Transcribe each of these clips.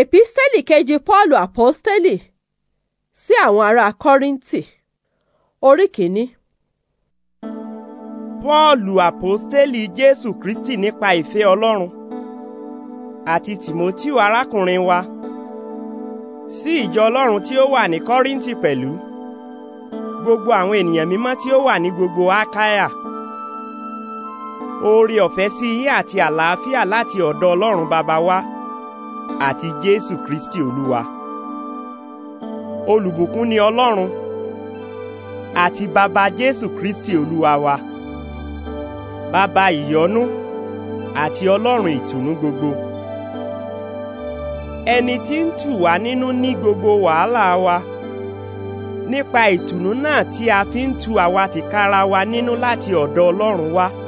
èpísítẹ́lì kejì pọ́ọ̀lù àpọ́stẹ́lì sí àwọn ará kọ́ríńtì orí kìíní. pọ́ọ̀lù àpọ́stẹ́lì jésù kristi nípa ìfẹ́ ọlọ́run àti tìmọ́tíù arákùnrin wa sí ìjọ ọlọ́run tí ó wà ní kọ́ríńtì pẹ̀lú gbogbo àwọn ènìyàn mímọ́ tí ó wà ní gbogbo ákáyà oore ọ̀fẹ́ sí yín àti àlàáfíà láti ọ̀dọ̀ ọlọ́run bàbá wa àti jésù kristi olúwa olùbùkún ni ọlọ́run àti bàbá jésù kristi olúwa wa bàbá ìyọ́nú àti ọlọ́run ìtùnú gbogbo ẹni tí ń tù wá nínú ní gbogbo wàhálà wa nípa ìtùnú náà tí a fi ń tu àwa tìkára wa nínú láti ọ̀dọ̀ ọlọ́run wá. Wa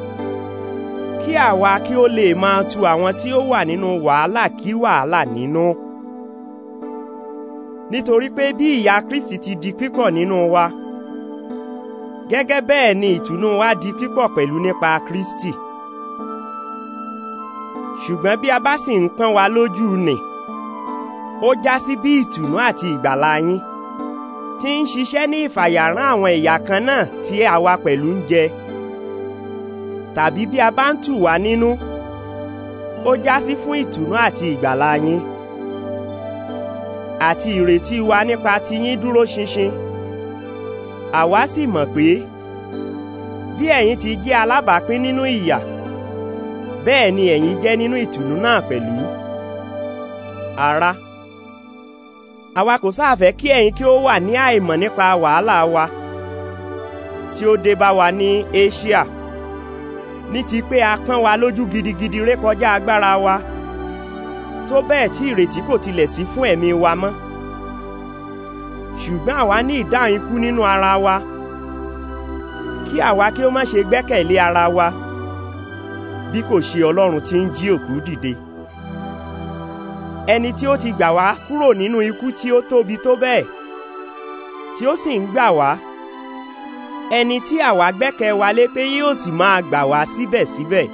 kí àwa kí ó lè máa tu àwọn tí ó wà nínú wàhálà kí wàhálà nínú. nítorí pé bí ìyà Kristi ti di pípọ̀ nínú wa gẹ́gẹ́ bẹ́ẹ̀ ni ìtùnú wa di pípọ̀ pẹ̀lú nípa Kristi. ṣùgbọ́n bí a bá sì ń pọ́n wa lójú nì ó já sí bí ìtùnú àti ìgbàlà yín tí ń ṣiṣẹ́ ní ìfàyàrán àwọn ìyà kan náà tí àwa pẹ̀lú ń jẹ tàbí bí a bá ń tù wá nínú ó jásí fún ìtùnú àti ìgbàlà yín àti ìrètí wa nípa tiyín dúró ṣinṣin àwa sì mọ̀ pé bí ẹ̀yin ti jẹ́ alábàápín nínú ìyà bẹ́ẹ̀ ni ẹ̀yin jẹ́ nínú ìtùnú náà pẹ̀lú ará àwa kò sáàfẹ́ kí ẹ̀yin kí ó wà ní àìmọ̀ nípa wàhálà wa tí ó dé bá wa ní Asia ní ti pé a pọ́n wa lójú gidigidi rékọjá agbára wa tó bẹ́ẹ̀ tí ìrètí kò tilẹ̀ sí fún ẹ̀mí wa mọ́ ṣùgbọ́n àwa ní ìdáhùn ikú nínú ara wa kí àwa kí ó má ṣe gbẹ́kẹ̀lé ara wa bí kò ṣe Ọlọ́run tí ń jí òkú dìde ẹni tí ó ti gbà wá kúrò nínú ikú tí ó tóbi tó bẹ́ẹ̀ tí ó sì ń gbà wá ẹni tí àwa gbẹ́kẹ̀ wa lé pé yóò sì máa gbà wá síbẹ̀síbẹ̀.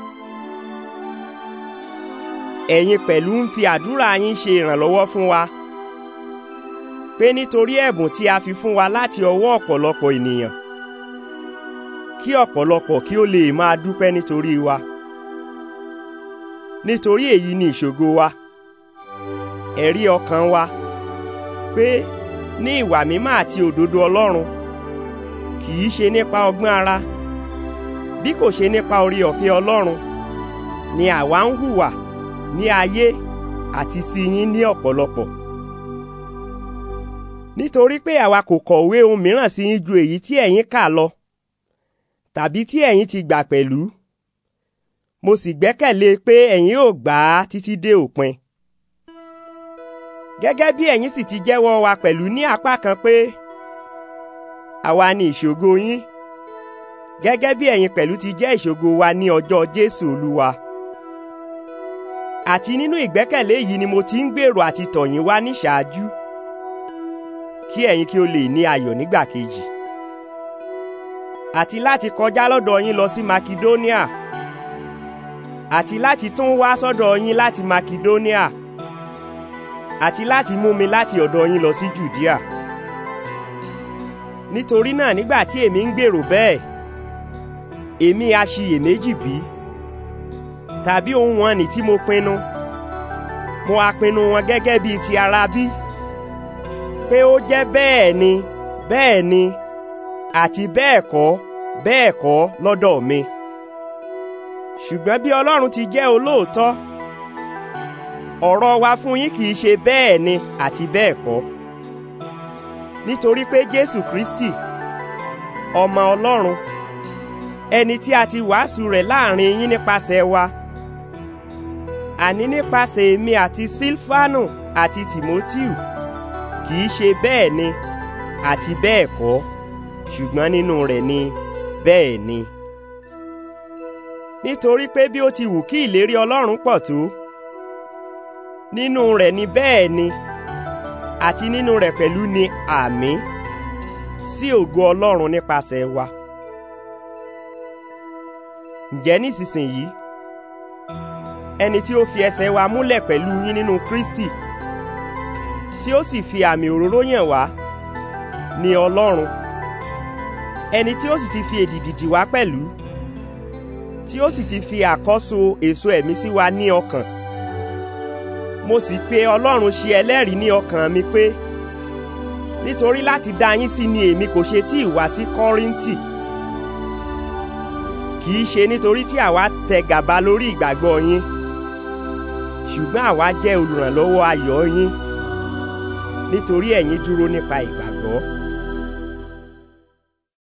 ẹ̀yin pẹ̀lú ń fi àdúrà yín ṣe ìrànlọ́wọ́ fún wa pé nítorí ẹ̀bùn tí a fi fún wa láti ọwọ́ ọ̀pọ̀lọpọ̀ ènìyàn kí ọ̀pọ̀lọpọ̀ kí ó lè máa dúpẹ́ nítorí wa nítorí èyí ni ìṣògo wa ẹ̀rí ọkàn wa pé ní ìwà mímọ́ àti òdodo Ọlọ́run kì í ṣe nípa ọgbọ́n ara bí kò ṣe nípa orí ọ̀fẹ́ Ọlọ́run ni àwa ń hùwà ní ayé àti sí yín ní ọ̀pọ̀lọpọ̀ nítorí pé àwa kò kọ̀wé ohun mìíràn sí yín ju èyí tí ẹ̀yin kà lọ tàbí tí ẹ̀yin ti gbà pẹ̀lú mo sì gbẹ́kẹ̀lé e pé ẹ̀yin ò gbà á títí dé òpin gẹ́gẹ́ bí ẹ̀yin sì ti jẹ́wọ́ wa pẹ̀lú ní apá kan pé àwa ni ìṣògo yín gẹ́gẹ́ bí ẹ̀yin pẹ̀lú ti jẹ́ ìṣògo wa ní ọjọ́ Jésù Olúwa àti nínú ìgbẹ́kẹ̀lé yìí ni mo ti ń gbèrò àti tọ̀ yín wá ní ṣáájú kí ẹ̀yin kí o lè ní ayọ̀ nígbà kejì àti láti kọjá lọ́dọ̀ yín lọ sí Makedonia àti láti tún wá sọ́dọ̀ yín láti Makedonia àti láti mú mi láti ọ̀dọ̀ yín lọ sí Jùdíà. Si nítorí náà nígbà tí èmi ń gbèrò bẹ́ẹ̀ èmi aṣiyèméjì bí tàbí ohun wọn ni tí mo pinnu mo a pinnu wọn gẹ́gẹ́ bíi ti ara bí pé ó jẹ́ bẹ́ẹ̀ ni bẹ́ẹ̀ ni àti bẹ́ẹ̀ kọ́ bẹ́ẹ̀ kọ́ lọ́dọ̀ mi ṣùgbọ́n bí Ọlọ́run ti jẹ́ olóòótọ́ ọ̀rọ̀ wa fún yín kì í ṣe bẹ́ẹ̀ ni àti bẹ́ẹ̀ kọ́ nítorí pé Jésù Kristi ọmọ Ọlọ́run ẹni tí a ti wàásù rẹ̀ láàrin yín nípasẹ̀ wa àní nípasẹ̀ èmi àti Sílfánù àti Tìmótíù kì í ṣe bẹ́ẹ̀ ni àti bẹ́ẹ̀ kọ́ ṣùgbọ́n nínú rẹ̀ ni bẹ́ẹ̀ ni. nítorí pé bí ó ti wù kí ìlérí Ọlọ́run pọ̀ tó nínú rẹ̀ ni bẹ́ẹ̀ ni. ni àti nínú rẹ̀ pẹ̀lú ni àmín sí ògo Ọlọ́run nípasẹ̀ wa. Ǹjẹ́ nísinsìnyí ẹni tí ó fi ẹsẹ̀ wa múlẹ̀ pẹ̀lú yín nínú Kristi tí ó sì fi àmì òróró yàn wá ni Ọlọ́run ẹni tí ó sì ti fi èdìdì dì wá pẹ̀lú tí ó sì ti fi àkọ́so èso ẹ̀mí sí wa ní ọkàn mo sì pe ọlọ́run ṣe ẹlẹ́rìí ní ọkàn mi pé nítorí láti dá yín sí ni èmi kò ṣe tí ì wá sí kọ́ríńtì kì í ṣe nítorí tí àwa tẹ gàba lórí ìgbàgbọ́ yín ṣùgbọ́n àwa jẹ́ olùrànlọ́wọ́ ayọ̀ yín nítorí ẹ̀yin dúró nípa ìgbàgbọ́.